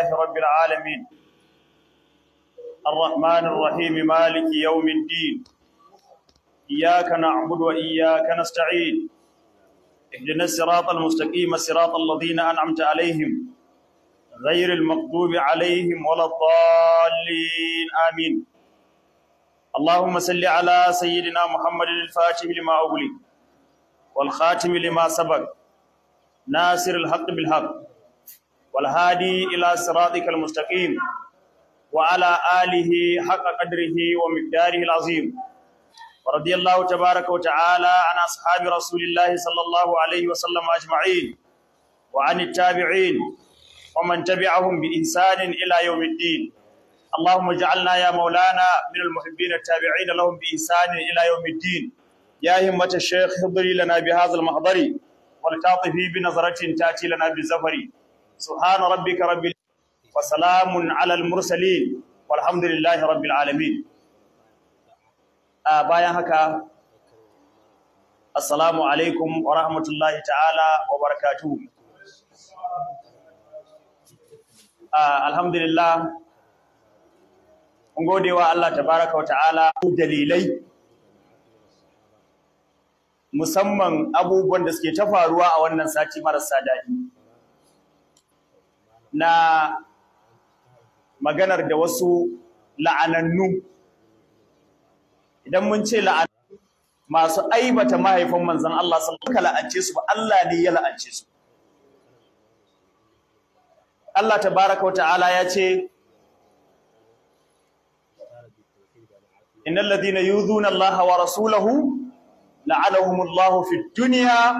لله رب العالمين الرحمن الرحيم مالك يوم الدين إياك نعبد وإياك نستعين اهدنا الصراط المستقيم صراط الذين أنعمت عليهم غير المغضوب عليهم ولا الضالين آمين اللهم صل على سيدنا محمد الفاتح لما أغلق والخاتم لما سبق ناصر الحق بالحق والهادي إلى صراطك المستقيم وعلى آله حق قدره ومقداره العظيم ورضي الله تبارك وتعالى عن أصحاب رسول الله صلى الله عليه وسلم أجمعين وعن التابعين ومن تبعهم بإنسان إلى يوم الدين اللهم اجعلنا يا مولانا من المحبين التابعين لهم بإنسان إلى يوم الدين يا همة الشيخ حضري لنا بهذا المحضر ولتعطفي بنظرة تأتي لنا بالزفر سبحان ربك رب وسلام على المرسلين والحمد لله رب العالمين bayan haka assalamu alaikum wa rahmatullahi ta'ala wa barakatuhu alhamdulillah mun Allah ta wa ta'ala dalilai musamman abubuwan da suke ta faruwa a wannan sati marasa daɗi na maganar da wasu la'anannu idan mun ce la'an masu aibata mahaifin manzon Allah sallallahu alaihi la'ance su ba Allah ne ya la'ance su Allah tabaraka wa ta'ala ya ce innal ladina yuzuna Allah wa rasulahu la'anahumullahu fid dunya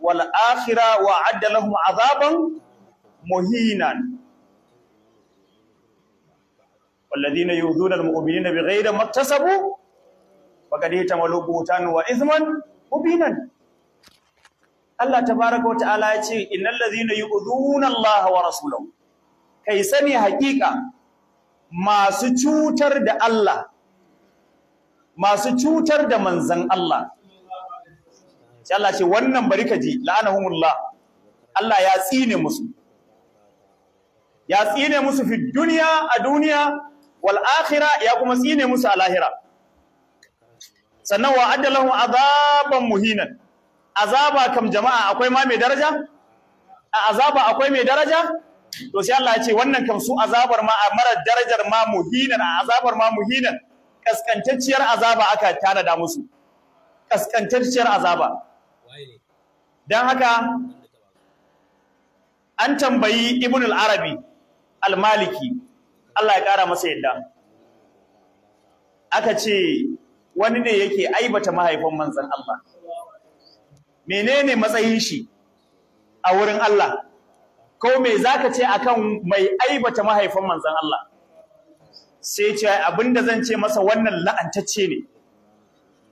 wal akhirah wa adda lahum azaban muhinan والذين يؤذون المؤمنين بغير ما اكتسبوا فقد احتملوا بهتانا izman مبينا Allah tabaraka wa ta'ala ya ce innal ladhina yu'dhuna Allah wa rasulahu kai sani hakika masu cutar da Allah masu cutar da manzan Allah sai Allah ce wannan bari ka ji la'anahumullah Allah ya tsine musu ya tsine musu fi duniya a duniya wal akhira ya kuma tsine musu a lahira sannan wa adda azaban muhinan azaba kam jama'a akwai ma mai daraja a azaba akwai mai daraja to sai Allah ya ce wannan kam su azabar ma mara darajar ma muhinan a azabar ma muhinan kaskantacciyar azaba aka tanada musu kaskantacciyar azaba dan haka an tambayi ibn al-arabi Almaliki, Allah ya kara masa yadda aka ce wani ne yake aibata mahaifin manzan Allah menene matsayin shi a wurin Allah ko me zaka ce akan mai aibata mahaifin manzan Allah sai ce abinda zan ce masa wannan la'antacce ne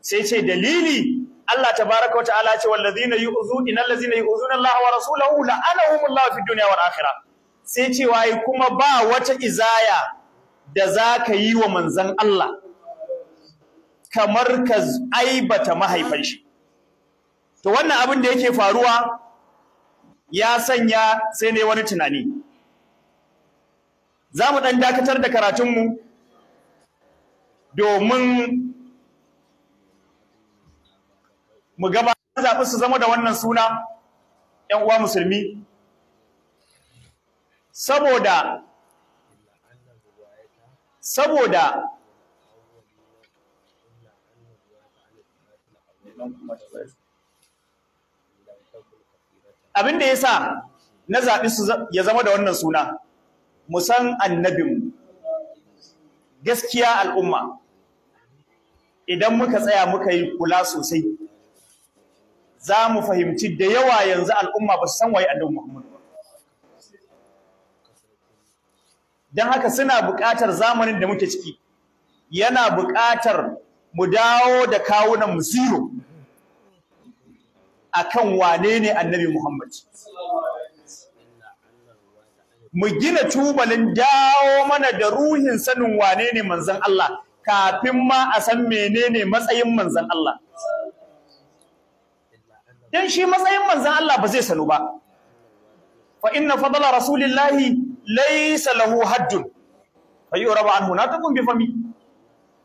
sai ce dalili Allah tabaaraka wa ta'ala ce wallazina yu'zuna allazina yu'zuna Allah wa rasulahu la'anahumullahu fid dunya wal akhirah sai cewa yi kuma ba wata izaya da za ka yi wa manzan Allah kamar ka aibata mahaifan shi to wannan abin da yake faruwa ya sanya sai ne wani tunani za mu ɗan dakatar da karatunmu domin mu gaba zaɓi su zama da wannan suna ‘yan uwa musulmi saboda saboda abin da ya sa na zaɓi su ya zama da wannan suna musan annabin gaskiya al'umma idan muka tsaya muka yi kula sosai za mu fahimci da yawa yanzu al'umma ba su san waye annabi Muhammad don haka suna buƙatar zamanin da muke ciki yana buƙatar mu dawo da kawunan mu zero akan wane ne annabi Muhammad mu gina tubalin dawo mana da ruhin sanin wane ne manzon Allah kafin ma a san menene matsayin manzon Allah dan shi matsayin manzon Allah ba zai sanu ba fa inna fadala rasulillahi laisa lahu haddun fayuraba anhu na takun bi fami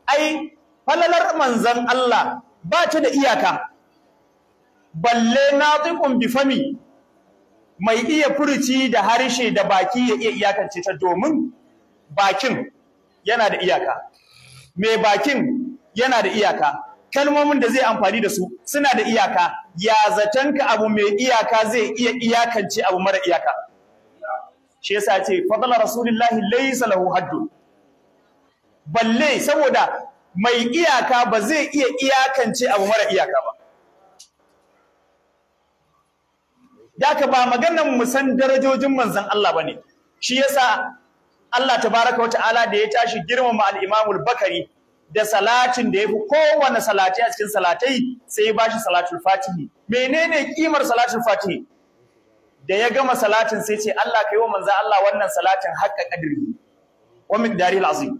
ai falalar manzan Allah ba ta da iyaka balle na takun bi fami mai iya furuci da harshe da baki ya iya iyakance ta domin bakin yana da iyaka mai bakin yana da iyaka kalmomin da zai amfani da su suna da iyaka ya zatanka abu mai iyaka zai iya iyakance abu mara iyaka shi yasa ce fadla rasulullahi laysa lahu haddun balle saboda mai iyaka ba zai iya iyakance abu mara iyaka ba daka ba maganar mu san darajojin manzon Allah bane shi yasa Allah tabaraka wa da ya tashi girmama al-Imam al-Bakari da salatin da yafi kowanne salati a cikin salatai sai ya bashi salatul fatihi menene kimar salatul fatihi da ya gama salatin sai ce Allah kai wa manzo Allah wannan salatin haqqa qadri wa dari azim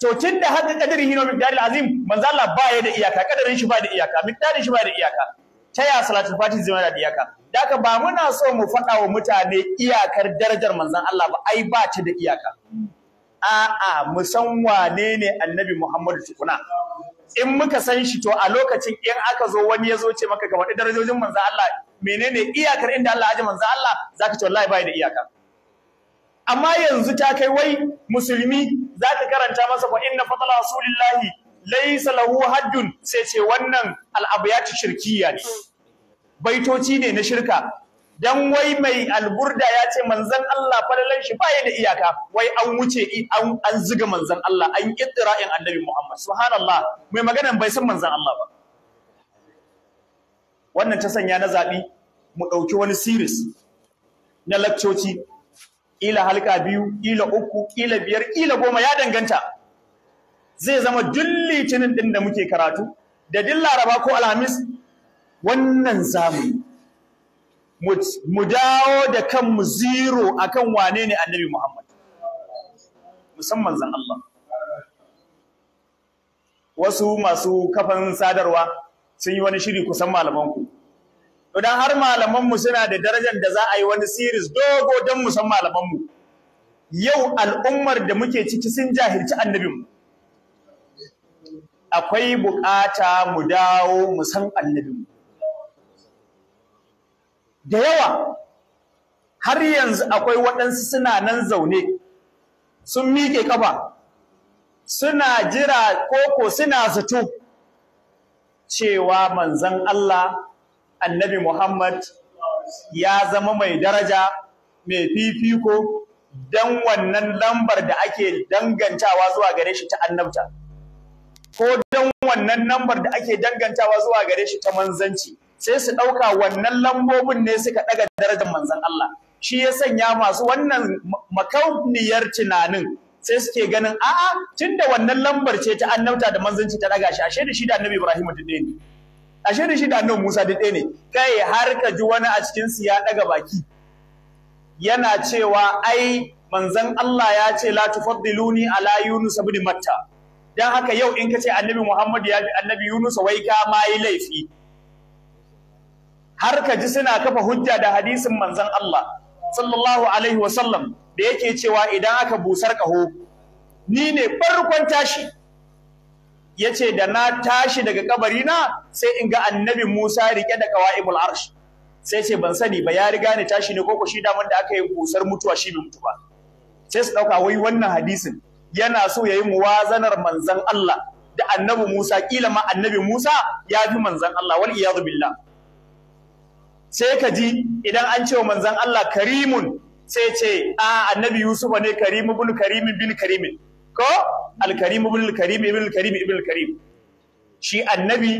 to tun da haqqa qadri min dari azim manzo Allah ba ya da iyaka kadarin shi ba da iyaka min miqdarin shi ba da iyaka ta ya salatin fatiha zai da iyaka daka ba muna so mu faɗa wa mutane iyakar darajar manzo Allah ba ai ba ta da iyaka a'a mu san wane ne annabi Muhammadu tukuna in muka san shi to a lokacin in aka zo wani ya zo ce maka ga darajar darajojin manzo Allah menene iyakar inda Allah ya ji manzo Allah zaka ce wallahi bai da iyaka amma yanzu ta kai wai musulmi zaka karanta masa fa inna fadla rasulillahi laysa lahu haddun sai ce wannan al'abiyatu shirkiya ne baitoci ne na shirka dan wai mai alburda ya ce manzon Allah fadalan shi bai da iyaka wai an wuce an an ziga manzon Allah an in annabi Muhammad subhanallah mai maganan bai san manzon Allah ba wannan ta sanya na zaɓi mu ɗauki wani series na lakcoci ƙila halka biyu ƙila uku ƙila biyar ƙila goma ya danganta zai zama duk litinin ɗin da muke karatu da duk laraba ko alhamis wannan zamu mu dawo da kanmu zero akan wane ne annabi muhammad musamman zan Allah wasu masu kafan sadarwa sun yi wani shiri kusan malaman ku idan har malaman mu suna da darajar da za a yi wani series dogo don mu san malaman yau al'ummar da muke ciki sun jahilci annabin akwai bukata mu dawo mu san annabin da yawa har yanzu akwai waɗansu suna nan zaune sun miƙe kafa suna jira koko suna zato cewa manzan Allah annabi Muhammad ya zama mai daraja mai fifiko dan wannan lambar da ake dangantawa zuwa gare shi ta annabta ko dan wannan lambar da ake dangantawa zuwa gare shi ta manzanci sai su ɗauka wannan lambobin ne suka ɗaga darajar manzan Allah shi ya sanya masu wannan makauniyar tunanin sai suke ganin a'a da wannan lambar ce ta annauta da manzanci ta daga shi ashe da shi da annabi Ibrahim da ɗaya ne ashe da shi da annabi Musa da ɗaya ne kai har ka ji wani a cikin su ya ɗaga baki yana cewa ai manzan Allah ya ce la tufaddiluni ala Yunus ibn Matta dan haka yau in ka ce annabi Muhammad ya bi annabi Yunus wai ka ma yi laifi har ka ji suna kafa hujja da hadisin manzan Allah sallallahu alaihi wa sallam. da yake cewa idan aka busar kaho, ni ne farkon tashi yace da na tashi daga kabari na sai in ga annabi Musa rike da qawaimul arsh sai ce ban sani ba ya riga ni tashi ne koko shi daman da aka yi busar mutuwa shi bai mutu ba sai su dauka wai wannan hadisin yana so ya yayi muwazanar manzan Allah da annabi Musa kila ma annabi Musa ya fi manzan Allah wal iyad billah sai ka ji idan an ce wa manzon Allah karimun sai ce a annabi yusuf ne karim ibn karim bin karim ko al karim ibn karim ibn karim ibn shi annabi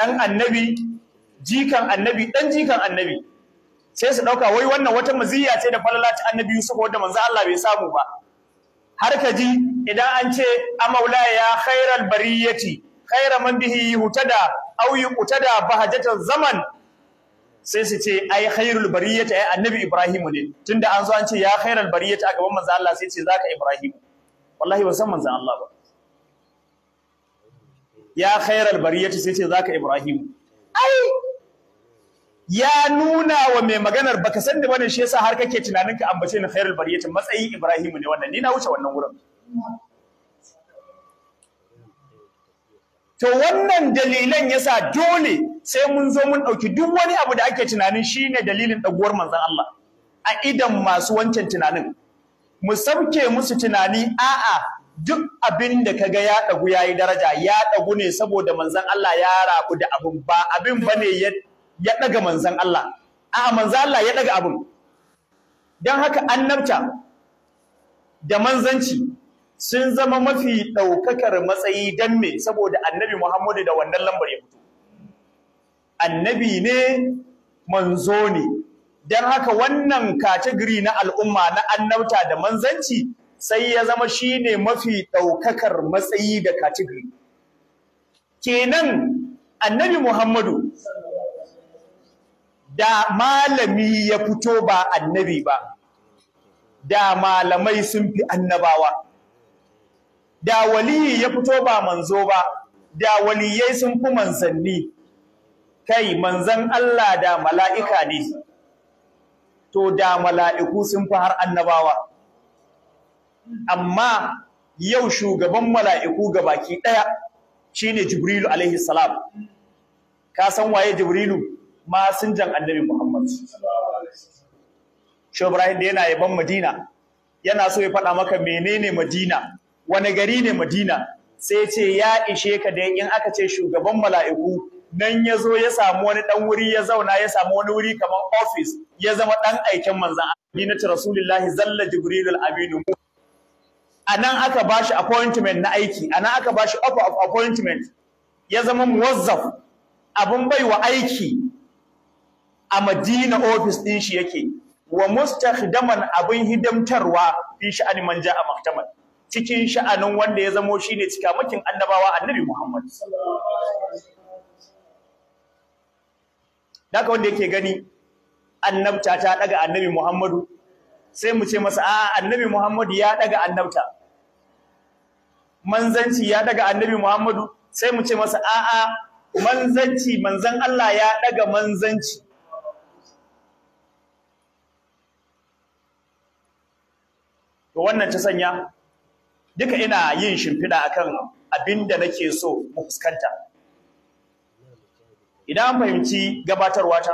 dan annabi jikan annabi dan jikan annabi sai su dauka wai wannan wata maziya ce da falala annabi yusuf wanda manzo Allah bai samu ba har ka ji idan an ce amaula ya khairal bariyati khaira man bihi hutada au yuqtada bahajatan zaman sai su ce ai khairul bariyati ai annabi Ibrahim ne tunda an zo an ce ya khairul bariyati a gaban manzo Allah sai ce zaka Ibrahim wallahi ba san manzo Allah ba ya khairul bariyati sai ce zaka Ibrahim ai ya nuna wa mai maganar baka san da bane shi yasa har kake tunanin ka ambace ni khairul bariyati matsayi Ibrahim ne wannan ni na wuce wannan wurin to wannan dalilan yasa dole sai mun zo mun ɗauki duk wani abu da ake tunanin shine dalilin ɗaguwar manzon Allah a idan masu wancan tunanin mu sauke musu tunani a'a duk abin da kaga ya dagu yayi daraja ya dagu ne saboda manzon Allah ya rabu da abin ba abin bane ya ya daga manzon Allah a'a manzon Allah ya ɗaga abin Don haka annabta da manzanci sun zama mafi ɗaukakar matsayi don me saboda annabi Muhammadu da wannan lambar ya fito. Annabi ne manzo ne, don haka wannan kategori na al'umma na annabta da manzanci sai ya zama shi ne mafi ɗaukakar matsayi da kategori. Kenan annabi Muhammadu da malami ya fito ba annabi ba, da malamai sun fi annabawa. da waliyi ya fito ba manzo ba da waliyai sun fi manzanni kai manzan Allah da mala'ika ne to da mala'iku sun fi har annabawa amma yau shugaban mala'iku ga baki ɗaya shine Jibrilu alaihi salam ka san waye Jibrilu masinjan annabi Muhammad Shehu Ibrahim da yana yaban Madina yana so ya faɗa maka menene Madina wani gari ne Madina sai ce ya ishe ka dai in aka ce shugaban mala'iku nan ya zo ya samu wani dan wuri ya zauna ya samu wani wuri kamar ofis ya zama ɗan aikin manzon Madinatu Rasulullahi zalla Jibrilul Aminu anan aka bashi appointment na aiki anan aka bashi offer of appointment ya zama muwazzaf abun wa aiki a Madina ofis din shi yake wa mustakhdaman abin hidimtarwa fi sha'ani manja a maktamal cikin sha'anin wanda ya zamo shi cika makin annabawa annabi Muhammad daga wanda yake gani annabta ta daga annabi Muhammadu sai mu ce masa a annabi Muhammadu ya daga annabta manzanci ya daga annabi Muhammadu sai mu ce masa a manzanci manzan Allah ya daga manzanci to wannan ta sanya duka ina yin shimfiɗa akan abin da nake so mu fuskanta idan fahimci gabatarwa ta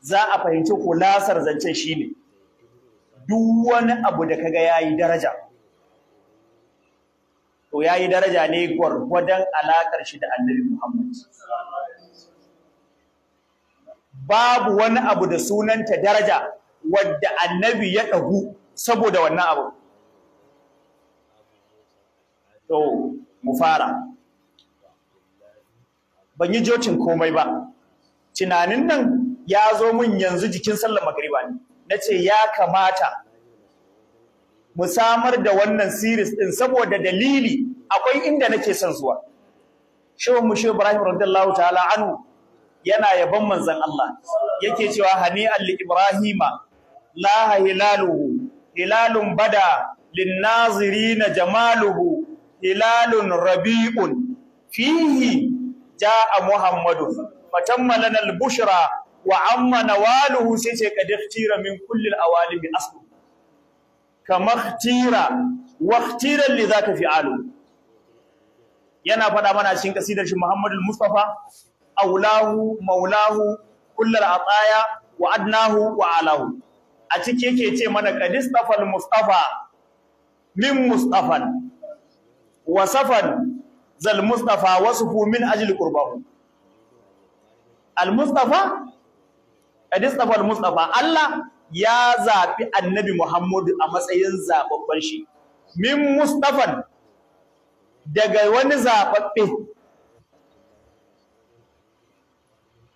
za a fahimci kulasar zancen shine duk wani abu da kaga yayi daraja to yayi daraja ne gwargwadon alakar shi da Annabi Muhammad babu wani abu da sunanta daraja wadda annabi ya ɗagu saboda wannan abu to mu fara ban yi jocin komai ba tunanin nan ya zo min yanzu jikin sallar magriba ne na ce ya kamata mu samar da wannan siris ɗin saboda dalili akwai inda nake son zuwa shehun mushe ibrahim radiyallahu ta'ala anu yana yaban manzon Allah yake cewa hani Ibrahim ibrahima laha hilaluhu hilalun bada Linnaziri na jamaluhu hilalun rabi'un fihi ja'a muhammadu fatamma al-bushra wa amma nawaluhu sai ce kad ikhtira min kulli al-awalim aslu kama ikhtira wa ikhtira li zaka fi'alu yana fada mana cikin kasidar shi Muhammadu Mustafa aulahu maulahu Kullar ataya wa adnahu wa alahu a ciki yake ce mana qadistafal mustafa min mustafan wasafan zal mustafa fu min ajil qurbahu al mustafa qadistafa mustafa Allah ya zabi annabi Muhammad a matsayin zababban shi min mustafan daga wani zababbe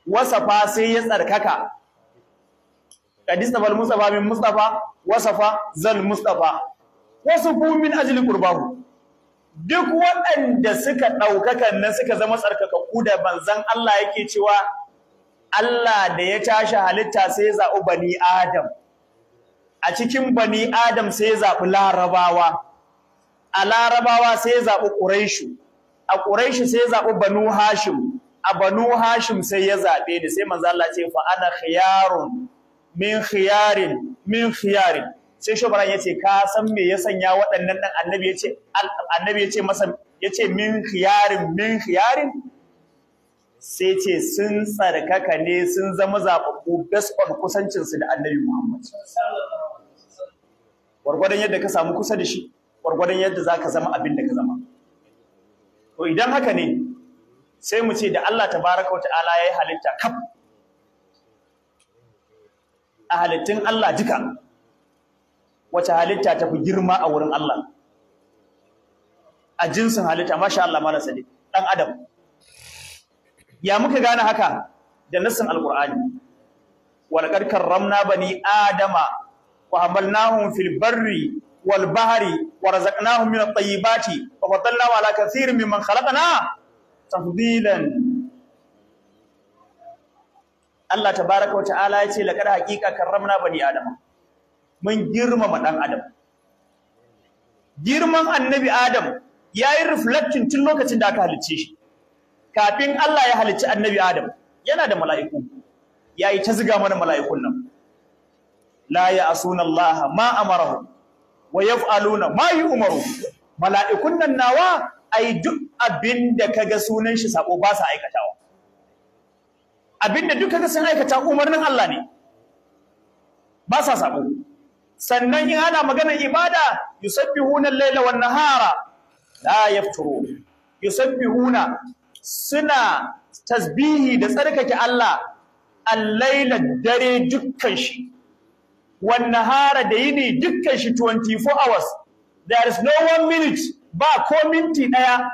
wasafa sai ya tsarkaka na bal mustafa min mustafa wasafa zal mustafa wasufu min ajli qurbahu duk waɗanda suka ɗaukaka nan suka zama tsarkakakku da banzan Allah yake cewa Allah da ya tashi halitta sai ya zaɓi bani Adam a cikin bani Adam sai ya zaɓi larabawa a larabawa sai ya zaɓi Quraysh. a Quraysh sai ya zaɓi banu hashim a banu hashim sai ya zaɓe ni sai manzo Allah ce fa ana khiyarun min khiyarin min khiyarin sai shobaran yace ka san me ya sanya waɗannan dan annabi yace annabi yace masa yace min khiyarin min khiyarin sai ce sun tsarkaka ne sun zama zababbu based on kusancin su da annabi Muhammad gwargwadon yadda ka samu kusa da shi gwargwadon yadda zaka zama abin da ka zama to idan haka ne sai mu ce da Allah tabaraka wa ta'ala yayi halitta kaf a halittun Allah duka wace halitta ta fi girma a wurin Allah a jinsin halitta masha Allah mala sadi dan adam ya muka gane haka da nassin alqur'ani walaqad karramna bani adama wa hamalnahum fil barri wal bahri wa razaqnahum min at-tayyibati wa faddalnahum ala kathirin mimman khalaqna tafdilan Allah tabaraka wa ta'ala ya ce laqad haqiqa karramna bani adam mun girmama ɗan adam girman annabi adam yayi reflecting tun lokacin da aka halicce shi kafin Allah ya halicci annabi adam yana da mala'iku yayi ta ziga mana mala'ikun nan la ya'suna Allah ma amarahu wa yaf'aluna ma yu'maru mala'ikun nan nawa ai duk abinda da kaga sunan shi sako ba sa aikatawa abinda duka ga sun aikata umarnin Allah ne ba sa sabo sannan in ana maganar ibada yusabbihuna al-laila wan nahara la yafturun yusabbihuna suna tasbihi da tsarkake Allah al-laila dare dukkan shi wan nahara da yini dukkan shi 24 hours there is no one minute ba ko minti daya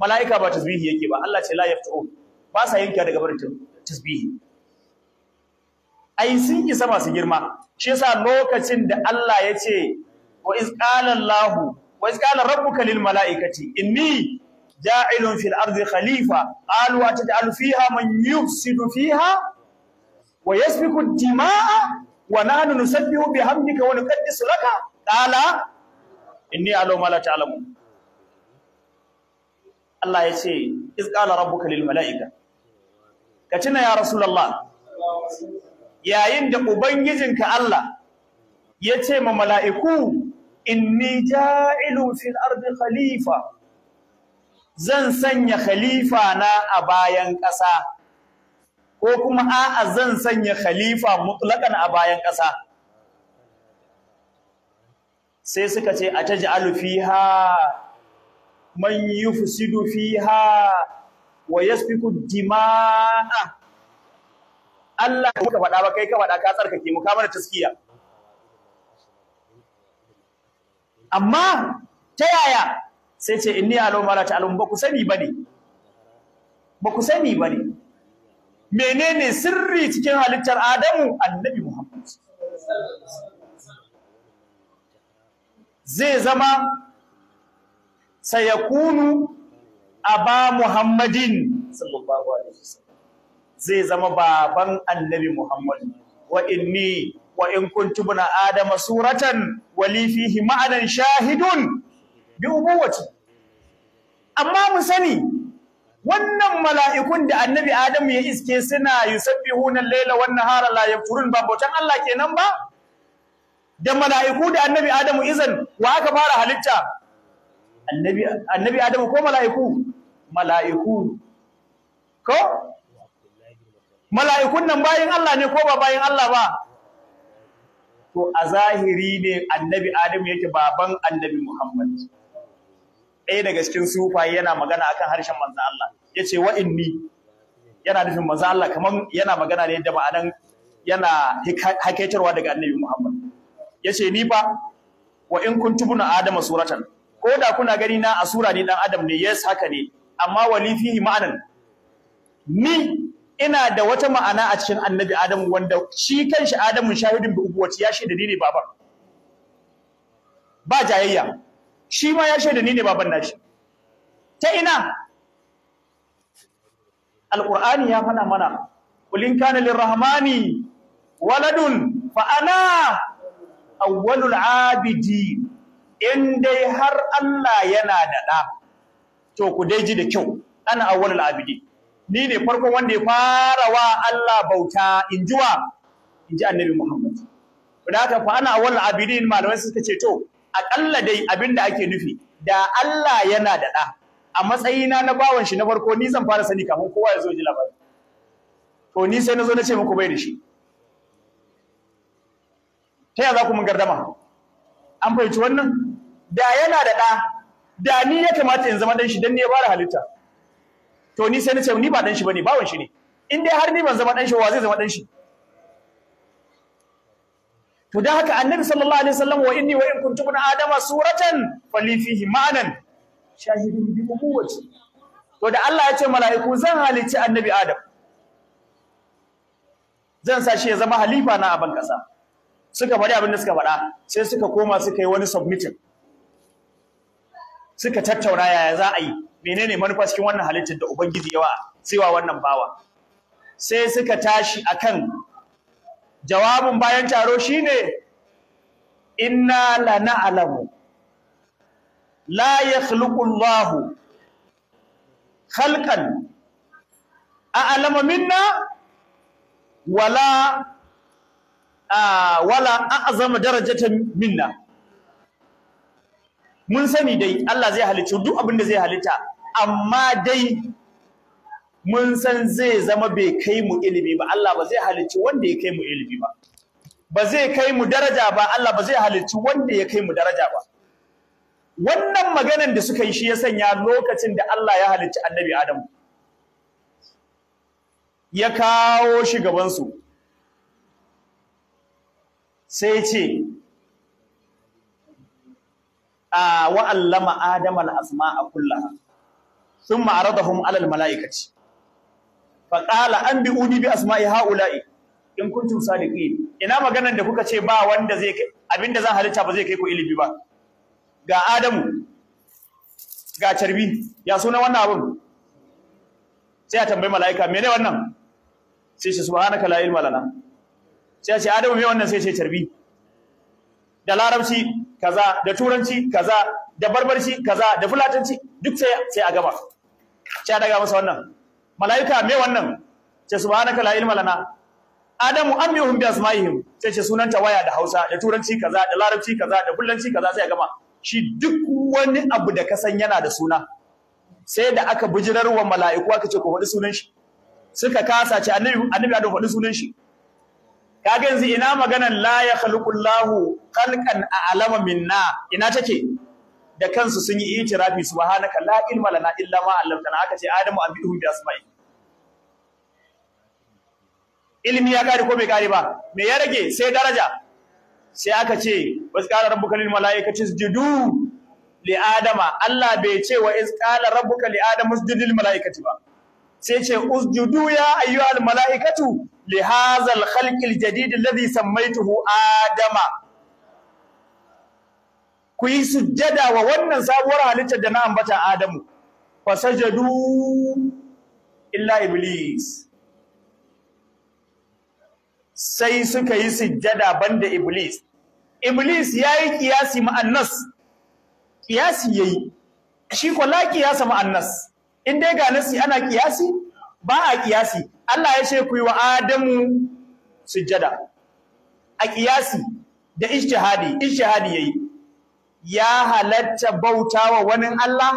mala'ika ba tasbihi yake ba Allah ce la yafturun ba sa yanke daga barin tasbihi ai sun isa masu girma shi yasa lokacin da Allah ya ce wa iz qala Allah wa iz qala rabbuka lil malaikati inni ja'ilun fil ardi khalifa qalu ataj'alu fiha man yufsidu fiha wa yasfiku dima'a wa nahnu nusabbihu bihamdika wa nuqaddisu laka qala inni a'lamu ma la ta'lamun Allah ya ce iz qala rabbuka lil malaikati ka tuna ya rasulullah yayin da ubangijinka Allah ya ce ma mala'iku inni ja'ilun fil ardi khalifa zan sanya khalifa na a bayan ƙasa ko kuma a'a zan sanya khalifa mutlakan a bayan ƙasa sai suka ce a ataj'alu fiha man yufsidu fiha wa yasfiku dima'a Allah ka faɗa ba kai ka faɗa ka tsarkake mu ka mana taskiya amma ta yaya sai ce inni alau mala ta ta'lamu ba ku sani bane ba ku sani bane menene sirri cikin halittar Adamu annabi Muhammad zai zama sayakunu aba muhammadin sallallahu alaihi zai zama baban annabi muhammad wa inni wa in kuntu bina adama suratan wa li fihi ma'anan shahidun bi ubuwati amma mu sani wannan mala'ikun da annabi adamu ya iske suna yusabbihuna layla laila wan nahara la yafturun ba bautan Allah kenan ba da mala'iku da annabi Adamu izan wa aka fara halitta annabi Adamu ko mala'iku mala'iku ko mala'ikun nan bayin Allah ne ko ba bayan Allah ba to a zahiri ne annabi Adam yake baban annabi Muhammad ɗaya daga cikin sufaye yana magana akan harshen manzo Allah yace wa inni yana nufin manzo Allah kaman yana magana ne da ma'anan yana hakaitarwa daga annabi Muhammad yace ni fa wa in kuntum adama suratan ko da kuna gani na a sura ni dan adam ne yes haka ne amma wali fihi ma'anan ni ina da wata ma'ana a cikin annabi Adamu wanda shi kanshi Adamu shahidin bi ubuwati ya shaida ni ne baban ba jayayya shi ma ya shaida ni ne baban nashi ta ina alqur'ani ya fana mana kulin kana lirrahmani waladun fa ana awwalul abidi in dai har Allah yana da da to ku dai ji da kyau ana awwalul abidi ni ne farkon wanda ya fara wa Allah bauta in ji wa in ji annabi Muhammad da haka fa ana awwalul abidin malamai suka ce to akalla dai abin da ake nufi da Allah yana da da a matsayina na bawan shi na farko ni zan fara sani kafin kowa ya zo ji labari to ni sai na zo na ce muku bai da shi ta yaya za ku mun gardama an fahimci wannan da yana da ɗa da ni ya kamata in zama dan shi dan ne ya bara halitta to ni sai na ce ni ba dan shi bane bawan shi ne in dai har ni ban zama dan shi wa zai zama dan shi to dan haka annabi sallallahu alaihi wasallam wa inni wa in kuntu min adama suratan fali fihi ma'anan shahidun bi nubuwati to da Allah ya ce mala'iku zan halicci annabi adam zan sa shi ya zama halifa na abin kasa suka faɗi abin da suka faɗa sai suka koma suka yi wani submitting suka tattauna yaya za a yi menene manufa cikin wannan halittar da ubangiji yawa wa wannan bawa sai suka tashi akan jawabin bayan taro shine inna na'lamu la yakhluqu allah khalqan a'lamu minna wala wala a'zama darajatan minna mun sani dai Allah zai halicci duk abin da zai halitta amma dai mun san zai zama bai kai mu ilimi ba Allah ba zai halicci wanda ya kai mu ilimi ba ba zai kai mu daraja ba Allah ba zai halicci wanda ya kai mu daraja ba wannan maganan da suka yi shi ya sanya lokacin da Allah ya halicci annabi Adam ya kawo shi gabansu sai ce wa allama adama al-asma'a kullaha thumma aradahum 'ala al-mala'ikati fa qala anbi'uni bi asma'i ha'ula'i in kuntum sadiqin ina maganar da kuka ce ba wanda zai kai abinda zan halitta ba zai kai ku ilimi ba ga adamu ga carbi ya suna wannan abun sai a tambayi mala'ika mene wannan sai shi subhanaka la ilma lana sai a ce adamu me wannan sai ya ce carbi da larabci kaza da turanci kaza da barbarci kaza da fulatanci duk sai sai a gaba sai a daga masa wannan malaika me wannan ce subhanaka la ilma lana adamu amihum bi asma'ihim sai ce sunanta waya da hausa da turanci kaza da larabci kaza da fulanci kaza sai a gama shi duk wani abu da ka san yana da suna sai da aka bijirar wa mala'iku aka ce ku faɗi sunan shi suka kasa ce annabi annabi ya faɗi sunan shi kaga yanzu ina maganar la ya khaluqullahu khalqan a'lama minna ina take da kansu sun yi itirafi subhanaka la ilma lana illa ma 'allamtana aka ce adamu abiduhu bi asma'i ilmi ya kare ko bai kare ba me ya rage sai daraja sai aka ce wasu qala rabbuka lil malaikati isjudu li adama Allah bai ce wa iz qala rabbuka li adama lil malaikati ba sai ce usjudu ya ayyuhal malaikatu Lihazal hadha al-khalq al-jadid alladhi adama ku yi sujjada wa wannan sabuwar halittar da na ambata adamu fasajadu illa iblis sai suka yi sujjada banda iblis iblis yayi kiyasi ma'annas kiyasi yayi shi ko kiyasa ma'annas in dai ga nasi ana kiyasi ba a kiyasi Allah ya ce ku yi wa Adamu sujjada a kiyasi da ijtihadi ijtihadi yayi ya halatta bautawa wani Allah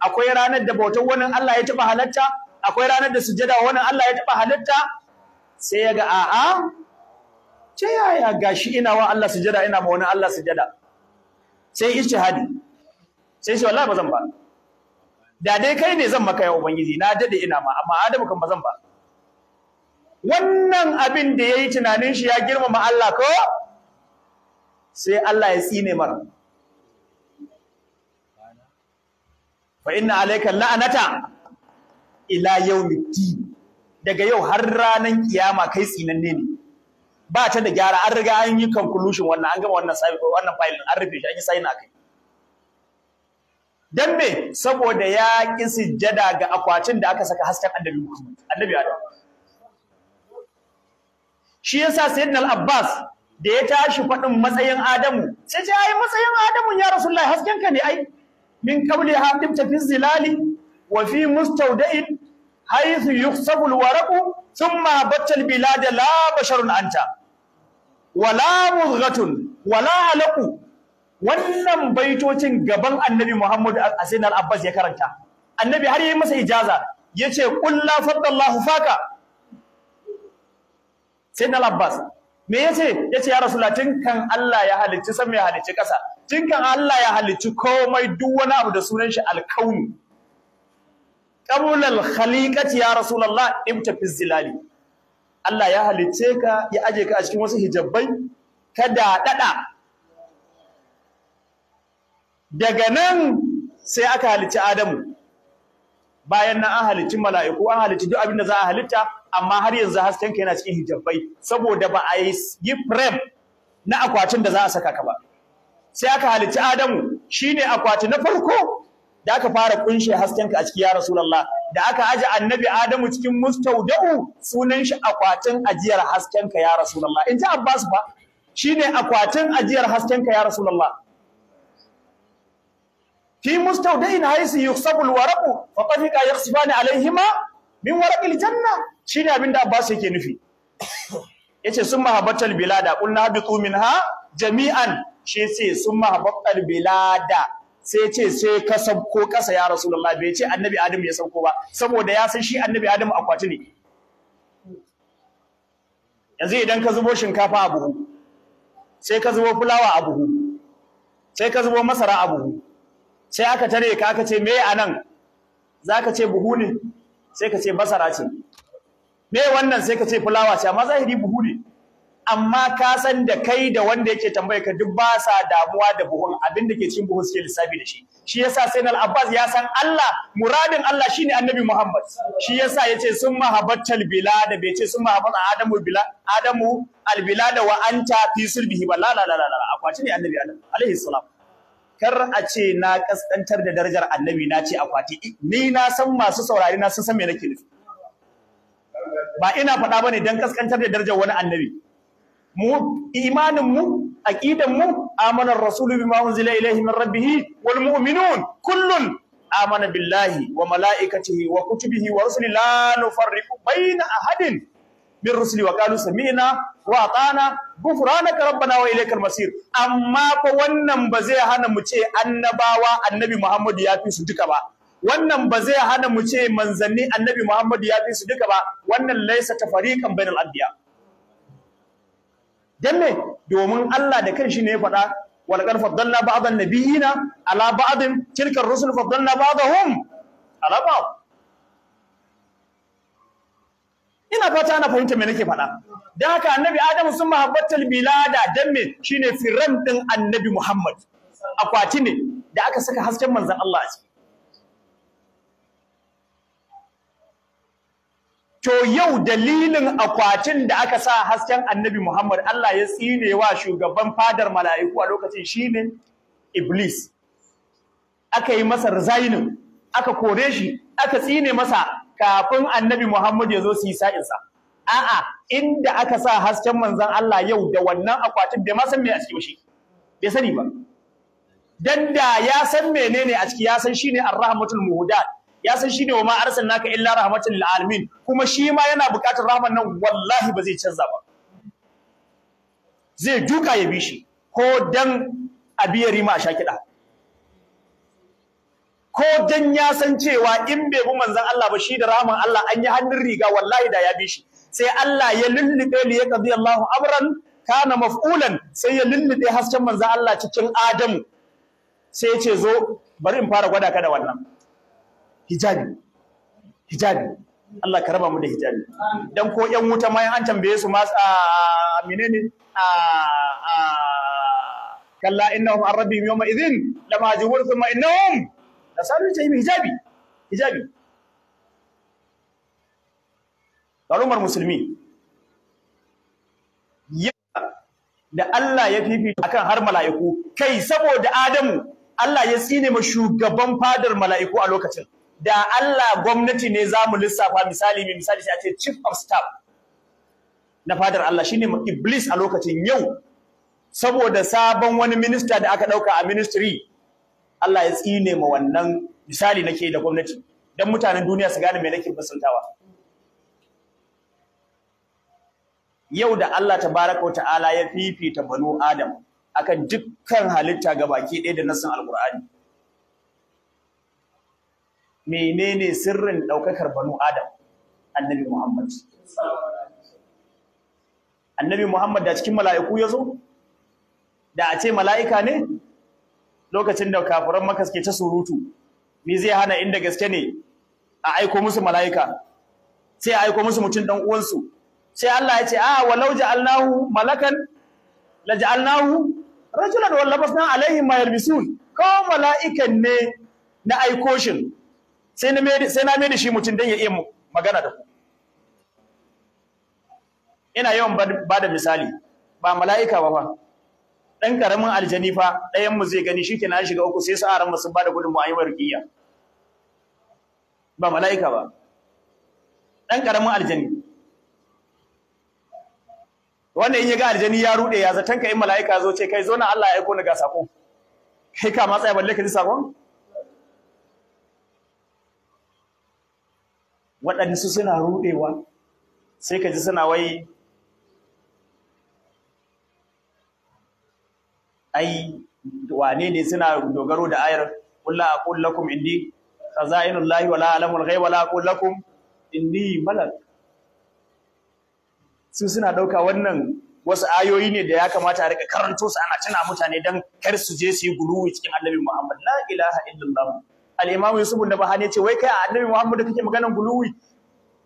akwai ranar da bautar wani Allah ya taba halatta akwai ranar da sujjada wani Allah ya taba halatta sai ya ga a'a ya yaya gashi ina wa Allah sujjada ina ma wani Allah sujjada sai ijtihadi sai shi wallahi ba zan ba da dai kai ne zan maka ya ubangiji na dade ina ma amma Adamu kan ba zan ba wannan abin da ya yi tunanin shi ya girmama Allah ko sai Allah ya tsine mara fa ina alaikan la'anata ila yau mitti daga yau har ranar kiyama kai tsinanne ne ba ta da gyara an riga an yi conclusion wannan an gama wannan sai wannan file an rufe shi an yi tsayin akai dan me saboda ya ki sujjada ga akwatin da aka saka hasken annabi Muhammad annabi Adam shi yasa sayyidina al-abbas da ya tashi faɗin matsayin adamu sai ce ai matsayin adamu ya rasulullahi hasken ka ne ai min qabli hatim ta fi zilali wa fi mustawda'in haythu yuksabu al-waraqu thumma battal bilad la basharun anta wala mughatun wala alaqu wannan baitocin gaban annabi Muhammad a sayyidina al-abbas ya karanta annabi har yi masa ijaza yace qul la fadallahu faka sai na labbas me ya ce? ya ce rasulullah tun kan Allah ya halicci sama ya halicci ƙasa tun kan Allah ya halicci komai duk wani abu da sunan shi alkauni qabulal halikaci ya rasu rasulullah imta fi zilali Allah ya halicce ka ya aje ka a cikin wasu hijabai ka daɗaɗa. daga nan sai aka halicci Adamu bayan na an halicci mala'iku an halicci duk abin da za a halitta amma har yanzu hasken ka yana cikin hijabai saboda ba a yi frame na akwatin da za a saka ka ba sai aka halicci Adamu shine akwati na farko da aka fara kunshe ka a ciki ya Rasulullah da aka aje annabi Adamu cikin mustaudu sunan shi akwatin ajiyar hasken ka ya Rasulullah in ji Abbas ba shine akwatin ajiyar hasken ka ya Rasulullah fi mustaudain haythu yuksabu alwaraqu fa qad yaqsifani alaihima min waraqil janna shi ne abin da Abbas yake nufi ce sun mahabbatar bilada qulna tsumin ha? jami'an shi ce sun mahabbatar bilada sai ce sai ka sauko kasa ya rasulullah bai ce annabi adam ya sauko ba saboda ya san shi annabi adam akwati ne yanzu idan ka zubo shinkafa a buhu sai ka zubo fulawa a buhu sai ka zubo masara a buhu sai aka tare ka aka ce me anan ka ce buhu ne sai ka ce masara ce me wannan sai ka ce fulawa ce amma zahiri buhu ne amma ka san da kai da wanda yake tambaye ka duk ba sa damuwa da buhun abin da ke cikin buhun suke lissafi da shi shi yasa sai na abbas ya san Allah muradin Allah shine annabi Muhammad shi yasa yace sun mahabbatal bilada bai ce sun mahabbata adamu bila adamu Al albilada wa anta fi sulbihi ba la la la la akwati ne annabi Adam alaihi salam kar a ce na kaskantar da darajar annabi na ce akwati ni na san masu saurari na sun san me nake nufi ba ina faɗa bane dan kaskantar da darajar wani annabi mu imanin mu aqidan mu amana ar-rasul bima unzila ilayhi min rabbih wal mu'minun kullun amana billahi wa malaikatihi wa kutubihi wa rusuli la nufarriqu baina ahadin min rusuli wa qalu sami'na wa atana ghufranaka rabbana wa ilaykal masir amma fa wannan ba zai hana mu ce annabawa annabi Muhammadu ya fi su duka ba wannan ba zai hana mu ce manzanni annabi Muhammadu ya fi su duka ba wannan laisa tafariqan bainal anbiya Don me domin Allah da kanshi ne ya faɗa wal qad faddalna ba'dhan nabiyina ala ba'dhin tilka ar-rusul faddalna ba'dahum ala ba'd ina fata ana fahimta me nake faɗa dan haka annabi Adamu sun mahabbatul bilada don me shine firan din annabi Muhammad akwati ne da aka saka hasken manzan Allah a ciki to yau dalilin akwatin da aka sa hasken annabi Muhammad Allah ya tsine wa shugaban fadar mala'iku a lokacin shi ne iblis aka yi masa resigning aka kore shi aka tsine masa kafin annabi Muhammad ya zo su yi sa'insa a'a inda aka sa hasken manzon Allah yau da wannan akwatin bai ma san a cikin shi bai sani ba Danda da ya san menene a ciki ya san shine ne rahmatul Muhudad. ya san shine wa ma naka illa rahmatan lil alamin kuma shi ma yana buƙatar rahman nan wallahi ba zai canza ba zai duka ya bi shi ko dan abiyari ma a sha kiɗa ko dan ya san cewa in bai bi manzon Allah ba shi da rahman Allah an yi hannun riga wallahi da ya bi shi sai Allah ya lullube li qadi Allahu amran kana maf'ulan sai ya lullube hasken manzon Allah cikin Adamu sai ya ce zo bari in fara gwada ka da wannan hijabi hijabi Allah ka raba mu da hijabi dan ko yan wuta ma an tambaye su ma a menene a kalla innahum arabi yawma idhin lama jawur thumma innahum la salu tayyib hijabi hijabi al'ummar musulmi da Allah ya fifita akan har mala'iku kai saboda Adamu Allah ya tsine ma shugaban fadar mala'iku a lokacin da Allah gwamnati ne za mu lissafa misali mai misali shi a ce chief of staff na fadar Allah shine iblis a lokacin yau saboda sabon wani minista da aka ɗauka a ministry Allah ya tsine ma wannan misali nake da gwamnati don mutanen duniya su gane me nake basantawa yau da Allah tabaraka wa ta'ala ya fifita banu adam akan dukkan halitta ga baki ɗaya da nassan alqur'ani menene sirrin ɗaukakar banu adam annabi muhammad annabi muhammad da cikin mala'iku yazo zo da a ce mala'ika ne lokacin da kafiran maka suke ta surutu me zai hana inda gaske ne a aiko musu mala'ika sai a aiko musu mutum ɗan uwansu sai Allah ya ce a ah, walau ja'alnahu malakan la ja'alnahu rajulan wallabasna alaihim ma yalbisun ko mala'ikan ne na aiko shin sai na mai da shi mutum don ya iya magana da ku ina yawan ba da misali ba mala'ika ba fa ɗan ƙaramin aljani fa ɗayanmu zai gani shi ke na shiga uku sai su mu sun ba da gudun mu ayyuwar ƙiyya ba mala'ika ba ɗan ƙaramin aljani wanda in ya ga aljani ya ruɗe ya zaton ka yi mala'ika zo ce kai zo na Allah ya aiko ni ga sako kai ka matsaya balle ka ji sakon waɗansu suna ruɗewa sai ka ji suna wai ai wane ne suna dogaro da ayar kullu aqul lakum indi khaza'inullahi wala alamul ghaib wala aqul lakum indi. malak su suna dauka wannan wasu ayoyi ne da ya kamata a rika karanto su ana tana mutane dan kar su je su yi guluwi cikin annabi Muhammad la ilaha illallah al-Imam Yusuf an-Nabhani yace wai kai a Annabi Muhammad kake maganan guluwi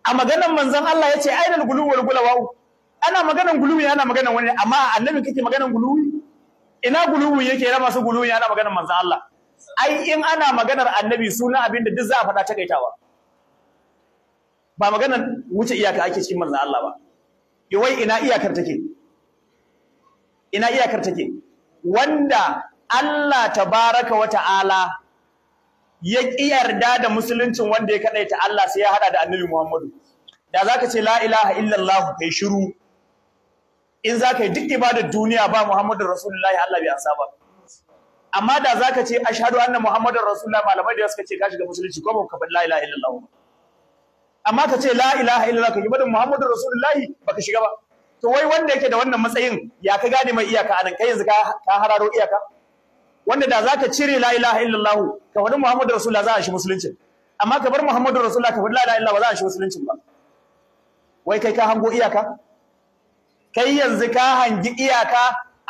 a maganan manzon Allah yace ainal guluwi wal gulawa ana maganan guluwi ana maganan wani amma a Annabi kake maganan guluwi ina guluwi yake yana masu guluwi ana maganan manzon Allah ai in ana maganar Annabi suna abinda duk za a faɗa gaitawa. ba maganan wuce iyaka ake cikin manzon Allah ba wai ina iyakar take ina iyakar take wanda Allah tabaraka wa ta'ala ya ƙi yarda da musuluncin wanda ya kaɗaita Allah sai ya haɗa da annabi Muhammadu da za ka ce la ilaha illallah kai shiru in za ka yi duk ibadar duniya ba Muhammadu Rasulullahi Allah bai ansa ba amma da za ka ce ashhadu anna Muhammadu Rasulullahi malamai da suka ce ka shiga musulunci ko ba ka bar la ilaha illallah amma ka ce la ilaha illallah ka yi barin Muhammadun Rasulullahi baka shiga ba to wai wanda yake da wannan matsayin ya ka gane mai iyaka anan kai yanzu ka hararo iyaka wanda da zaka cire la ilaha illallah ka faɗi muhammadu rasulullah za a shi musulunci amma ka bar muhammadu rasulullah ka faɗi la ilaha illallah ba za a shi musulunci ba wai kai ka hango iyaka kai yanzu ka hangi iyaka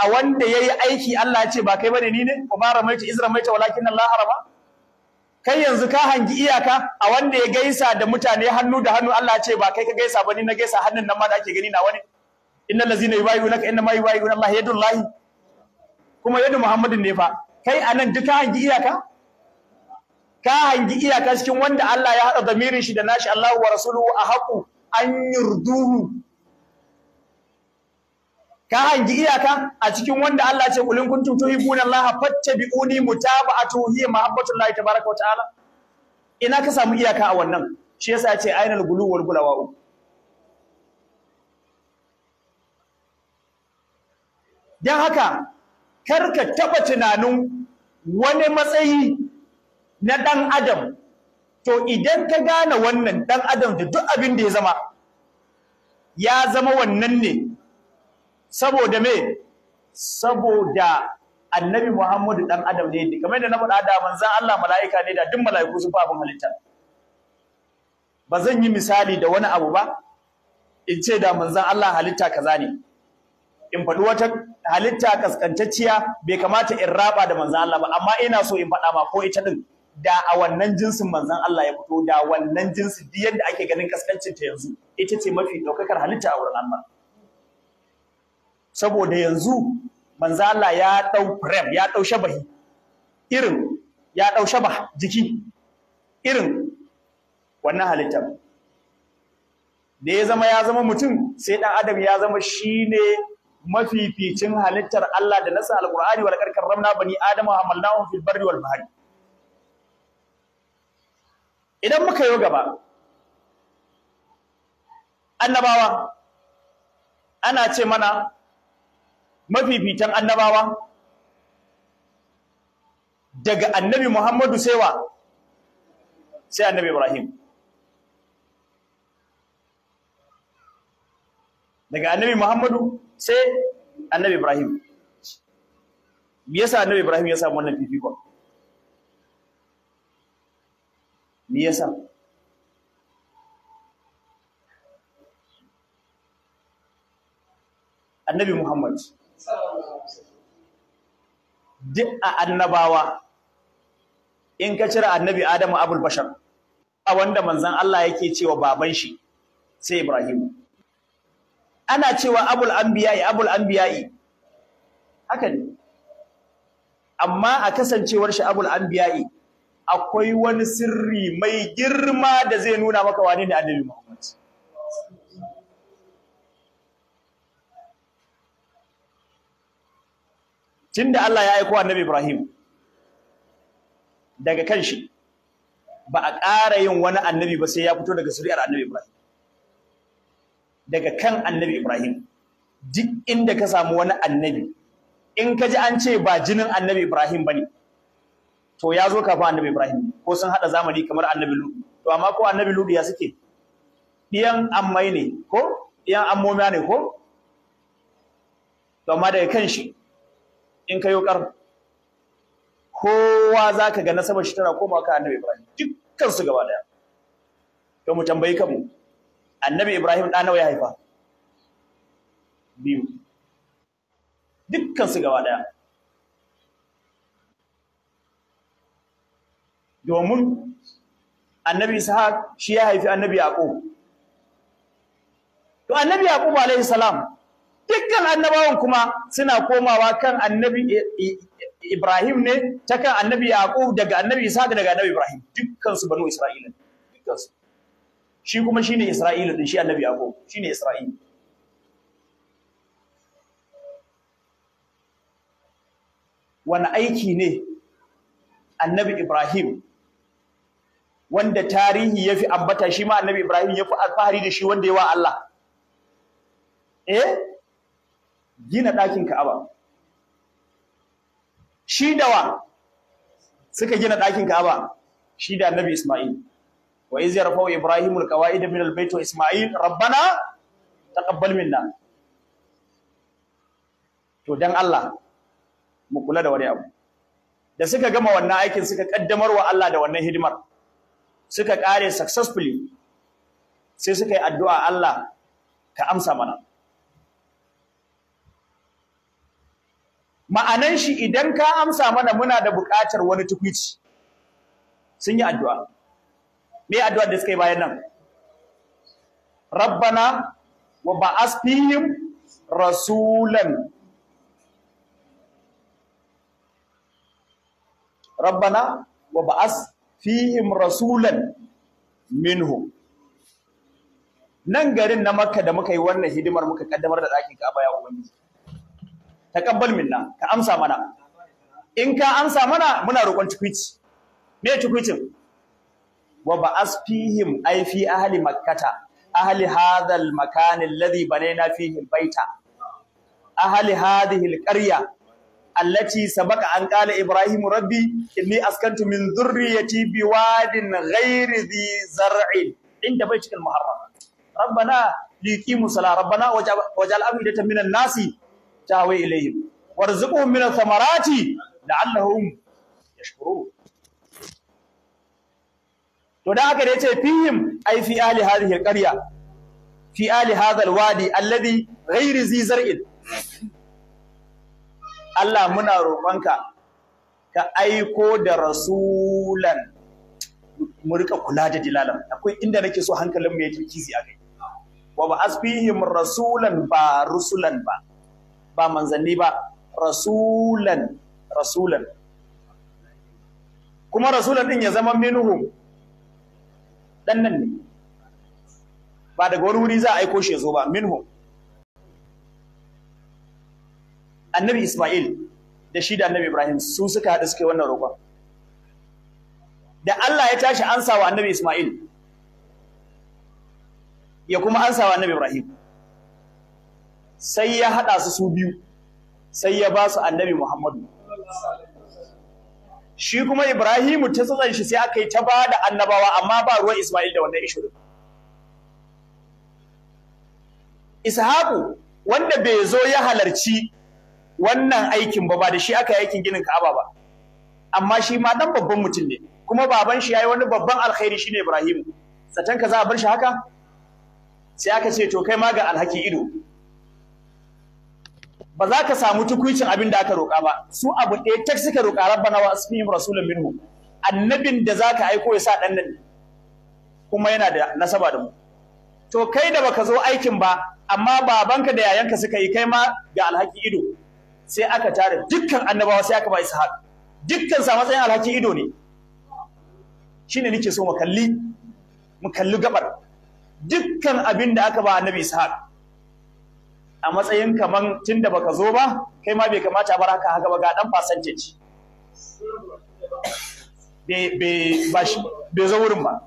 a wanda yayi aiki Allah ya ce ba kai bane ni ne mai ta izra maita walakin Allah harama kai yanzu ka hangi iyaka a wanda ya gaisa da mutane hannu da hannu Allah ya ce ba kai ka gaisa ba ni na gaisa hannun nan ma da ake gani na wani innal ladzina yubayyi'unaka inna ma yubayyi'una Allah yadullahi kuma yadu Muhammadin ne fa kai a nan duka hangi iyaka ka hangi iyaka cikin wanda Allah ya haɗa zamirin shi da nashi Allah wa rasuluhu a haƙu an yurduhu ka hangi iyaka a cikin wanda Allah ce kulin kuntum tuhibuna Allah fattabi'uni mutaba'atu hiya mahabbatu Allah tabaaraka wa ta'ala ina ka samu iyaka a wannan shi yasa ya ce ainal gulu wal gulawa'u dan haka kar ka taɓa tunanin wani matsayi na ɗan adam to idan ka gane wannan ɗan adam da duk abin da ya zama ya zama wannan ne saboda me saboda annabi Muhammadu ɗan adam ne kamar da na faɗa da manzan Allah mala'ika ne da duk mala'iku su fa abin halitta ba zan yi misali da wani abu ba in ce da manzan Allah halitta kaza ne in faɗi wata halitta kaskantacciya bai kamata in raba da manzan Allah ba amma ina so in faɗa ma ko ita din da a wannan jinsin manzan Allah ya fito da wannan jinsin duk yadda ake ganin kaskancin ta yanzu ita ce mafi daukakar halitta a wurin Allah saboda yanzu manzan Allah ya dau frame ya dau shabahi irin ya dau shabah jiki irin wannan halitta. da ya zama ya zama mutum sai dan adam ya zama shine mafificin halittar Allah da nasa al-Qur'ani wal karkar ramna bani adama hamalnahum fil barri wal bahri idan muka yi gaba annabawa ana ce mana mafifitan annabawa daga annabi Muhammadu saiwa sai annabi Ibrahim daga annabi Muhammadu sai annabi Ibrahim me yasa annabi Ibrahim ya samu wannan fifiko mi yasa annabi Muhammad duk a annabawa in ka cire annabi Adamu abul bashar a wanda manzon Allah yake cewa baban shi sai Ibrahim ana cewa abul anbiya'i abul anbiya'i haka ne amma a kasancewar shi abul anbiya'i akwai wani sirri mai girma da zai nuna maka wane ne annabi Muhammad tunda Allah ya aika annabi Ibrahim daga kanshi ba a ƙara yin wani annabi ba sai ya fito daga suriyar annabi Ibrahim daga kan annabi Ibrahim duk inda ka samu wani annabi in ka ji an ce ba jinin annabi Ibrahim ba ne, to ya zo kafin annabi Ibrahim ko sun haɗa zamani kamar annabi Lut to amma ko annabi Lut ya suke an ammai ne ko an ammoma ne ko to amma daga kan shi in yi kar kowa ka ga nasabar shi tana komawa ka annabi Ibrahim Dukkansu gaba daya to mu tambayi kanmu annabi ibrahim ɗa nawa ya haifa biyu dukkan su gaba ɗaya domin annabi ishaq shi ya haifi annabi yaqo to annabi yaqo alaihi salam dukkan annabawan kuma suna komawa kan annabi Ibrahim ne ta kan annabi yaqo daga annabi Isa daga annabi Ibrahim dukkan su banu Isra'ila dukkan su shi kuma shine Isra'ilu din shi annabi Yaqub shine Isra'ilu wani aiki ne annabi Ibrahim wanda tarihi ya fi ambata shi ma annabi Ibrahim ya fi alfahari da shi wanda ya wa Allah eh gina ɗakin Ka'aba shi dawa suka gina ɗakin Ka'aba shi da annabi Ismail wa iz yarfa'u ibrahimu alqawaida min albayt wa isma'il rabbana taqabbal minna to dan Allah mu kula da wani abu da suka gama wannan aikin suka ƙaddamar wa Allah da wannan hidimar suka kare successfully sai suka yi addu'a Allah ka amsa mana ma'anan shi idan ka amsa mana muna da buƙatar wani tukwici sun yi addu'a me addu'ar da suka yi bayan nan rabbana wa ba'as fihim rasulan rabbana wa ba'as fihim rasulan minhu. nan garin na makka da muka yi wannan hidimar muka kaddamar da ɗakin ka'aba ya ubangiji taqabbal minna ka amsa mana in ka amsa mana muna roƙon tukwici me tukwicin wa ba'as fihim ay fi ahli makkata ahli hadha al-makan alladhi banayna fihi al ahli hadhihi hilkarya, qarya allati sabaka an qala ibrahim rabbi inni askantu min dhurriyyati biwadin ghairi dhi zar'in inda baitikal muharram rabbana liqimu sala rabbana waj'al afidatan minan nasi tahwi ilayhim warzuqhum min ath-thamarati la'allahum yashkurun to dan haka da yace fihim ai fi ali hadhihi alqarya fi ali hadha alwadi alladhi ghairu zi Allah muna roƙonka ka aiko da rasulan mu rika kula da dilalan akwai inda nake so hankalin mu yake kizi akai wa ba asfihim rasulan ba rusulan ba ba manzanni ba rasulan rasulan kuma rasulan din ya zama minhum dan nan ne ba daga wani wuri za a aiko shi ya zo ba minhu annabi Ismail da shi da annabi Ibrahim su suka haɗu suka wannan roƙon da Allah ya tashi ansa wa annabi Ismail ya kuma ansa wa annabi Ibrahim sai ya haɗa su su biyu sai ya ba su annabi Muhammadu shi kuma Ibrahimu ta tsatsan shi sai aka yi ta ba da annabawa amma ba ruwan Ismail da wannan ishirin Ishaku wanda bai zo ya halarci wannan aikin ba ba da shi aka yi aikin ginin Ka'aba ba amma shi ma dan babban mutum ne kuma baban shi yayi wani babban alkhairi shine Ibrahimu Satanka za a bar shi haka sai aka ce to kai ma ga alhaki ido ba za ka samu tukuicin abin da aka roƙa ba su abu ɗaya tak suka roƙa rabbana wa asfihim rasulun minhu annabin da za ka aiko ya sa ɗan nan kuma yana da nasaba da mu to kai da baka zo aikin ba amma babanka da yayanka suka yi kai ma ga alhaki ido sai aka tare dukkan annabawa sai aka ba ishaq dukkan sa matsayin alhaki ido ne shine nake so mu kalli mu kalli gabar dukkan abin da aka ba annabi ishaq a matsayin kaman da baka zo ba kai ma bai kamata bar haka haka ba ga dan percentage bai zo wurin ba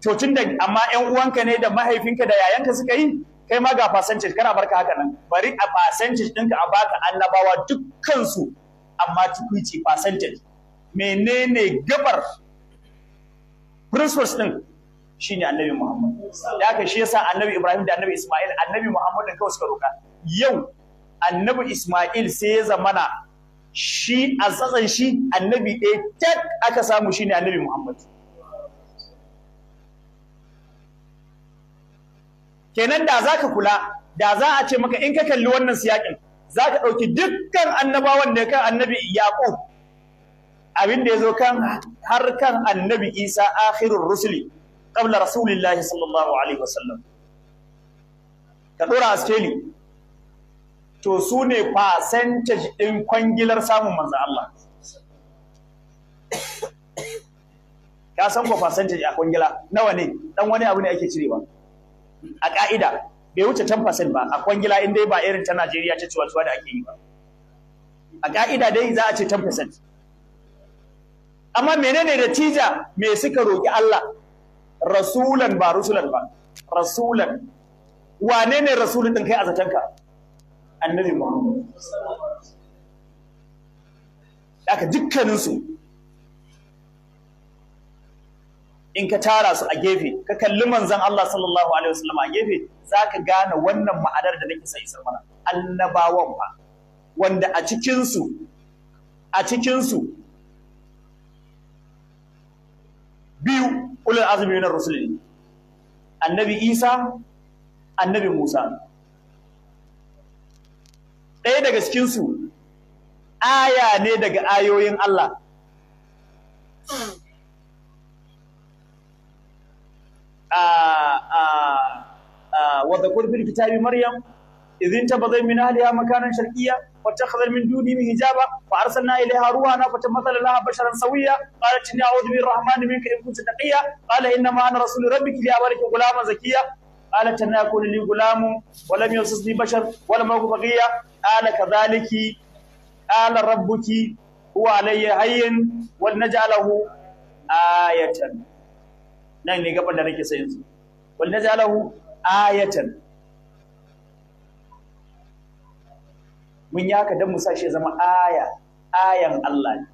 to tun da amma yan uwanka ne da mahaifinka da yayanka suka yi kai ma ga percentage kana barka haka nan bari a percentage ɗinka a baka annabawa dukkansu amma tukwici percentage menene gabar principles ɗin shine annabi Muhammad da aka shi yasa annabi Ibrahim da annabi Ismail annabi Muhammad kawai suka roƙa? yau annabi Ismail sai ya zamana shi a tsatsan shi annabi ɗaya tak aka samu shine annabi Muhammad kenan da za ka kula da za a ce maka in ka kalli wannan siyaƙin, za ka ɗauki dukkan annabawan da kan annabi Yaƙo, abin da ya zo kan har kan annabi Isa akhirur rusuli qabla rasulillahi sallallahu alaihi wasallam ka dora askeli to su ne percentage din kwangilar samun manzo Allah ka san ko percentage a kwangila nawa ne dan wani abu ne ake cirewa a ka'ida bai wuce 10% ba a kwangila in dai ba irin ta Najeriya ta cewa-cewa da ake yi ba a ka'ida dai za a ce 10% amma menene tija me suka roki Allah rasulan ba rusulan ba rasulan wane ne rasulun din kai a zatanka annabi muhammad haka dukkaninsu in ka tara su a gefe ka kalli manzon Allah sallallahu alaihi wasallam a gefe zaka gane wannan ma'anar da nake sai sarmana annabawan ba wanda a cikin su a cikin su biyu ulul azmi minar rusul annabi Isa annabi Musa ɗaya daga cikin su aya ne daga ayoyin Allah a a a maryam idhin tabadha min ahliha makanan sharqiyya واتخذ من دونه حجابا فارسلنا اليها روحنا فتمثل لها بشرا سويا قالت اني اعوذ بالرحمن منك ان كنت تقيا قال انما انا رسول ربك لابارك غلاما زكيا قالت ان يكون لي غلام ولم يمسسني بشر ولم اكن بغيا قال كذلك قال ربك هو علي هين ولنجعله آية nan ne gaban da nake sayin su wal najalahu ayatan mun yi haka don mu sashi zama aya ayan Allah ne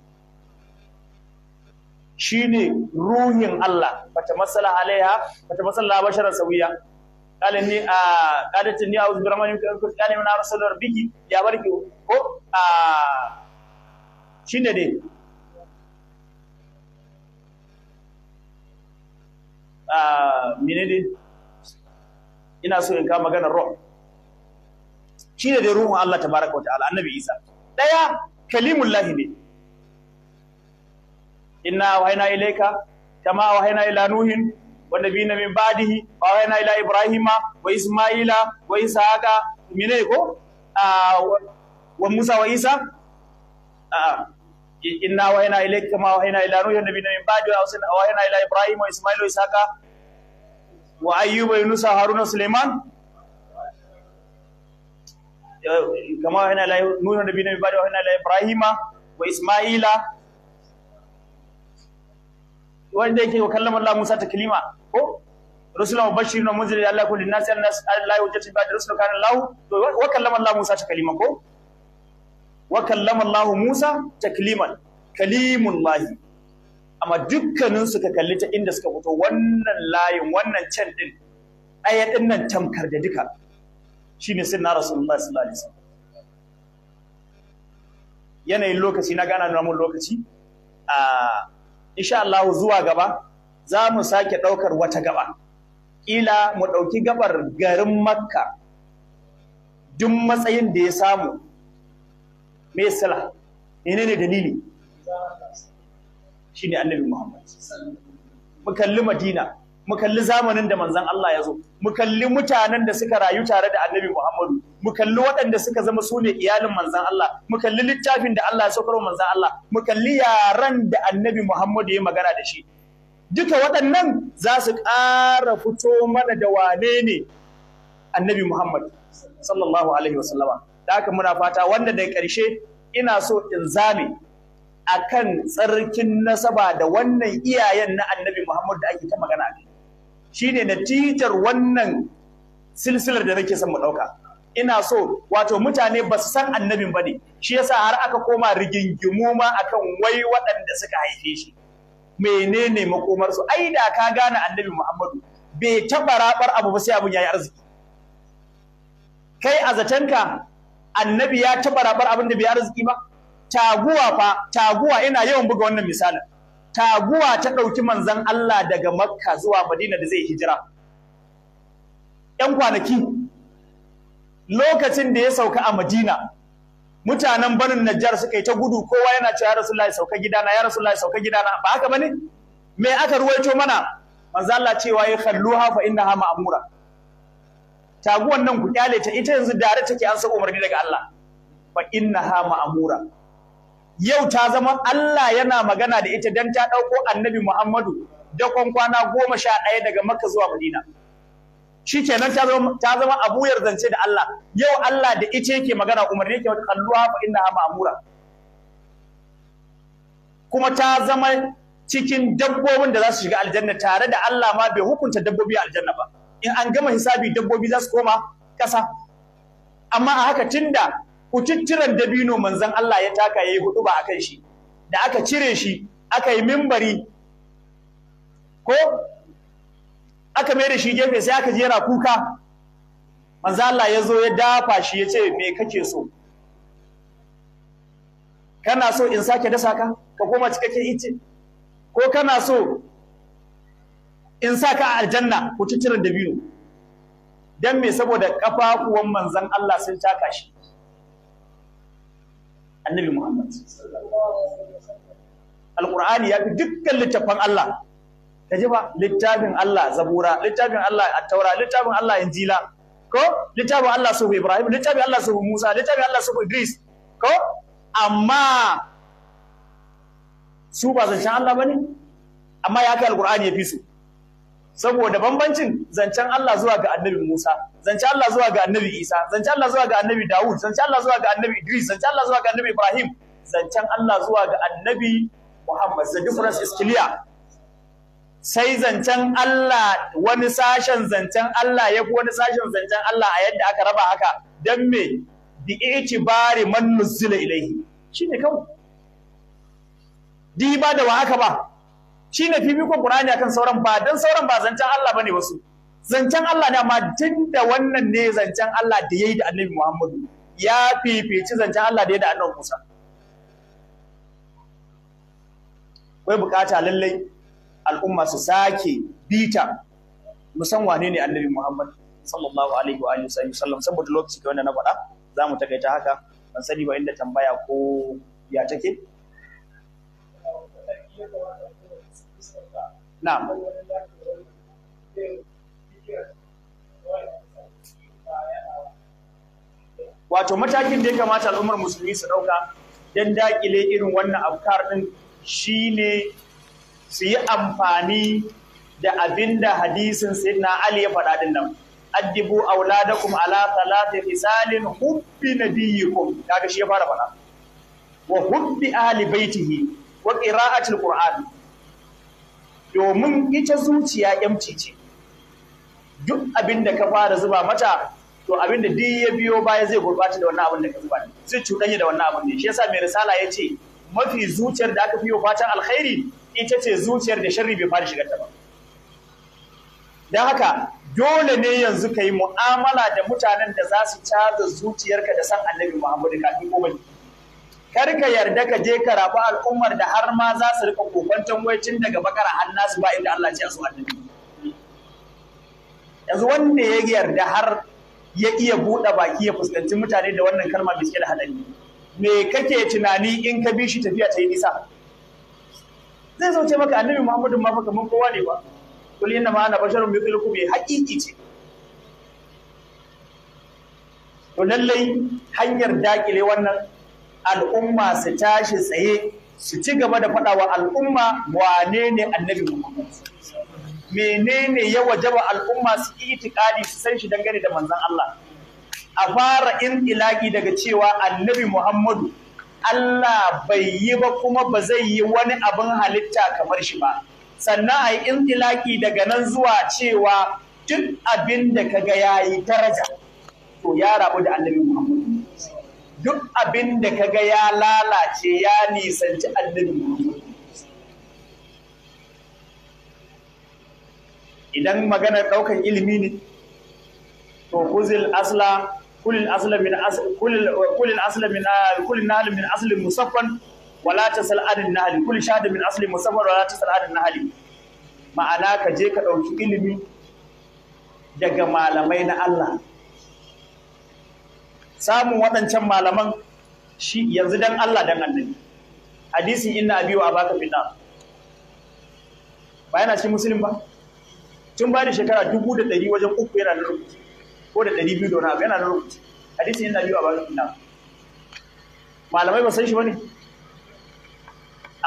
shine ruhin Allah bata masala alaiha bata masala basharan sawiya ni a قالت اني اعوذ برحمن منك ان كنت قال من رسول ربك Ya بارك ko shine dai mene ne ina so in ka magana rock shine da ruhun Allah tabaraka wa ta'ala annabi Isa daya kalimullahi ne inna wahayna ilayka kama wahayna ila nuhin wa nabiyina min ba'dihi wa wahayna ila ibrahima wa isma'ila wa isaaka mine ko ah, wa musa wa isa ah, inna wahayna ilayka kama wahayna ila nuhin wa nabiyina min ba'dihi wa wahayna ila ibrahima wa isma'ila wa isaaka wa ayyuba yunusa haruna suleiman kama wahina la nuna nabi na ibada wahina la ibrahima wa isma'ila wanda yake wa Allah Musa kalima ko rusula wa wa munzirin Allah kullu nas Allah ya wajjata ba rusula kana Allah to wa kallama Allah Musa kalima ko wa kallama Allah Musa kalimun kalimullahi amma dukkanin su ka kalli ta inda suka fito wannan layin wannan can din ayatin nan tamkar da duka shine na rasu sallallahu alaihi lalisa. yanayin lokaci na gana nuna mun lokaci a insha Allah zuwa gaba za mu sake ɗaukar wata gaba ƙila mu ɗauki gabar garin makka duk matsayin da ya samu me sala ne dalili Shi ne annabi muhammad mu kalli madina mu kalli zamanin da manzon Allah ya zo mu kalli mutanen da suka rayu tare da annabi Muhammadu mu kalli waɗanda suka zama su ne iyalin manzon Allah mu kalli littafin da Allah ya saukar wa manzon Allah mu kalli yaran da annabi Muhammadu ya magana da shi duka waɗannan za su ƙara fito mana da wane ne annabi Muhammad sallallahu alaihi wasallama da haka muna fata wanda da ƙarshe ina so in zame akan tsarkin nasaba da wannan iyayen na annabi Muhammad da ake ta magana a kai shine natijar wannan silsilar da nake son mu ɗauka. ina so wato mutane ba su san annabin ba ne. shi yasa har aka koma rigingimu ma akan wai waɗanda suka haife shi menene makomar su ai da ka gane annabi Muhammadu bai taɓa rabar abu ba sai abun yayi arziki kai a zatonka annabi ya taɓa rabar abin da bai arziki ba taguwa fa taguwa ina yawan buga wannan misalin taguwa ta ɗauki manzan Allah daga makka zuwa madina da zai hijira ‘yan kwanaki lokacin da ya sauka a madina mutanen banin najjar suka yi ta gudu kowa yana cewa ya rasulullahi sauka gidana ya rasulullahi sauka gidana ba haka bane me aka ruwaito mana manzo Allah cewa ya khalluha fa innaha ma'mura taguwan nan ku kyale ta ita yanzu dare take an saka umarni daga Allah fa innaha ma'mura yau ta zama Allah yana magana da ita dan ta dauko annabi Muhammadu da kwana goma sha daya daga Makka zuwa Madina shi kenan ta zama ta zama Abu zance da Allah yau Allah da ita yake magana umarni yake wata kalluwa fa innaha ma'mura kuma ta zama cikin dabbobin da za su shiga aljanna tare da Allah ma bai hukunta dabbobi a aljanna ba in an gama hisabi dabbobi za su koma ƙasa amma a haka tunda kututturan dabino manzan Allah ya taka yayi hudu ba akan shi da aka cire shi aka yi mimbari ko aka mai da shi gefe sai aka jera kuka manzan Allah ya zo ya dafa shi ya ce me kake so kana so in sake dasa ka ka koma cikakken ice ko kana so in saka a aljanna ko dabino dan me saboda kafafuwan manzan Allah sun taka shi annabi Muhammad al ya fi dukkan littafan Allah ka ji ba littafin Allah Zabura littafin Allah At-Taura littafin Allah Injila ko littafin Allah sufu Ibrahim littafin Allah sufu Musa littafin Allah sufu Idris ko amma su ba zancen Allah bane amma ya kai Al'ƙur'ani ya fi su saboda bambancin zancen Allah zuwa ga annabi Musa zancen Allah zuwa ga annabi Isa zancen Allah zuwa ga annabi Dawud zancen Allah zuwa ga annabi Idris zancen Allah zuwa ga annabi Ibrahim zancen Allah zuwa ga annabi Muhammad the difference is clear sai zancen Allah wani sashen zancen Allah ya fi wani sashen zancen Allah a yadda aka raba haka don me bi Bari man nuzila ilaihi shine kawai ba da wa haka ba Shi fi fifikon Qur'ani akan sauran ba don sauran ba zancen Allah ba bane wasu zancen Allah ne amma da wannan ne zancen Allah da ya yi da Annabi Muhammadu ya fifici zancen Allah da ya yi da Annabi Musa kai bukata lallai al'umma su sake bita musan wane ne Annabi Muhammad sallallahu alaihi wa alihi wasallam saboda lokaci kai wanda na faɗa za mu takaita haka ban sani ba inda tambaya ko ya take na'am wato matakin da ya kamata al'ummar musulmi su ɗauka don daƙile irin wannan afkar ɗin shine su yi amfani da abinda da hadisin sayyidina Ali ya faɗa din nan addibu auladakum ala salati misalin hubbi nabiyikum kaga shi ya fara faɗa wa hubbi ahli baitihi wa qira'atil qur'an domin ita zuciya yamci ce duk abin da ka fara zuba mata to abin da duk ya biyo baya zai gurɓata da wannan abin da ka zuba ne zai cuɗanya da wannan abin ne shi yasa mai risala ya ce mafi zuciyar da aka fi fatan alkhairi ita ce zuciyar da sharri bai fara shigar ta ba don haka dole ne yanzu ka yi mu'amala da mutanen da za su caza zuciyarka da san annabi muhammadu kafin komai kar ka yarda ka je ka rabu al'ummar da har ma za su rika kokwanton waicin daga bakara har nasu ba inda Allah ce a su annabi yanzu wanda ya yarda har ya iya buɗe baki ya fuskanci mutane da wannan kalma mai da hadari. me kake tunani in ka bi shi tafiya ta yi nisa zai zo ce maka annabi Muhammadu ma fa kaman kowa ne ba kul inna ma ana basharun mithlukum haqiqi ce to lallai hanyar dakile wannan al'umma su tashi tsaye su ci gaba da faɗa wa al'umma wane ne annabi Muhammad menene ya wajaba al'umma su yi itikadi su san shi dangane da manzan Allah a fara intilaki daga cewa annabi Muhammadu Allah bai yi ba kuma ba zai yi wani abin halitta kamar shi ba sannan a yi intilaki daga nan zuwa cewa duk abin da kaga yayi daraja to ya rabu da annabi Muhammadu. duk abin da ka ga ya lalace ya nisanci annabi idan maganar daukan ilimi ne to kuzil asla kulil asla min asl kulil asla min ah, kulil nahl min asl musaffan wala tasal an nahl kulil shahad min asl musaffan wala tasal an nahl ma'ana ka je ka dauki ilimi daga malamai na Allah samun waɗancan malaman shi yanzu dan Allah dan annabi hadisin inna abi wa abaka fina ba yana shi musulun ba tun ba da shekara dubu da ɗari wajen uku yana da rubuci ko da ɗari biyu da wani abu yana da rubuci hadisin inna abi wa abaka fina malamai ba san shi ba ne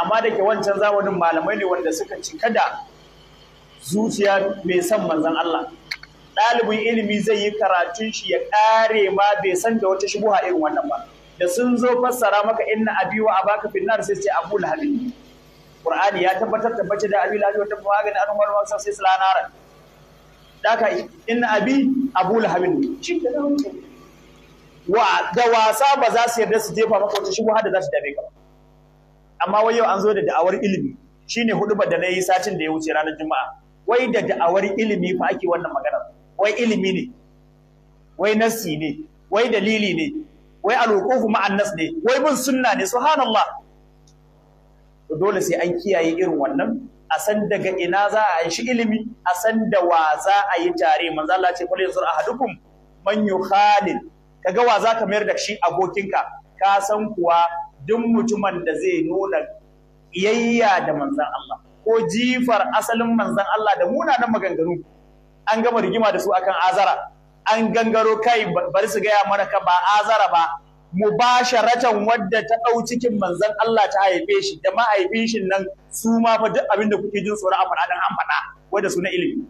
amma da ke wancan zamanin malamai ne wanda suka cika da zuciya mai son manzan Allah ɗalibin ilimi zai yi karatun shi ya ƙare ma bai san da wata shubuha irin wannan ba da sun zo fassara maka inna abiwa a baka finnar sai ce abu lahabi qur'ani ya tabbatar tabbace da abi lahabi wata magani an wani wasa sai salanara daka inna abi abu lahabi shi da wa da wasa ba za su yarda su jefa maka wata shubuha da za su dame ka amma wai yau an zo da da'awar ilimi shine hudubar da na yi satin da ya wuce ranar juma'a wai da da'awar ilimi fa ake wannan magana wai ilimi ne wai nassi ne wai dalili ne wai al'ukofu ma'an ne wai bin sunna ne suhanallah. to dole sai an kiyaye irin wannan a san daga ina za a yi shi ilimi a san da wa za a yi tare manzo Allah ce a hadukun manyu man Ka ga wa za ka mayar da shi abokinka ka san kuwa duk mutumin da zai nuna iyayya da manzan Allah ko jifar asalin manzan Allah da munanan maganganu an gama rigima da su akan azara an gangaro kai bari su gaya mana ka ba azara ba Mu ba sharatan wadda ta ɗau cikin manzon Allah ta haife shi da ma'aifin shi nan su ma fa duk abin da kuke jin tsoro a faɗa dan an faɗa wadda su na ilimi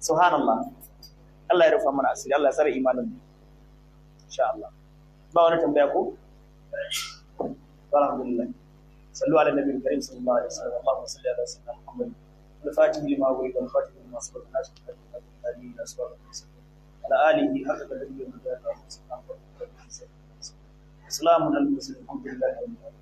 subhanallah Allah ya rufa mana asiri Allah ya sarra imanin mu insha Allah ba wani tambaya ko alhamdulillah sallu ala nabiyil karim sallallahu alaihi wasallam Allahumma salli ala sayyidina Muhammad al-fatih lima wa al-fatih masu faɗa shi da kuma da su faɗa masu faɗa alihi haka da rage magana su kan faɗa da su faɗa su faɗa su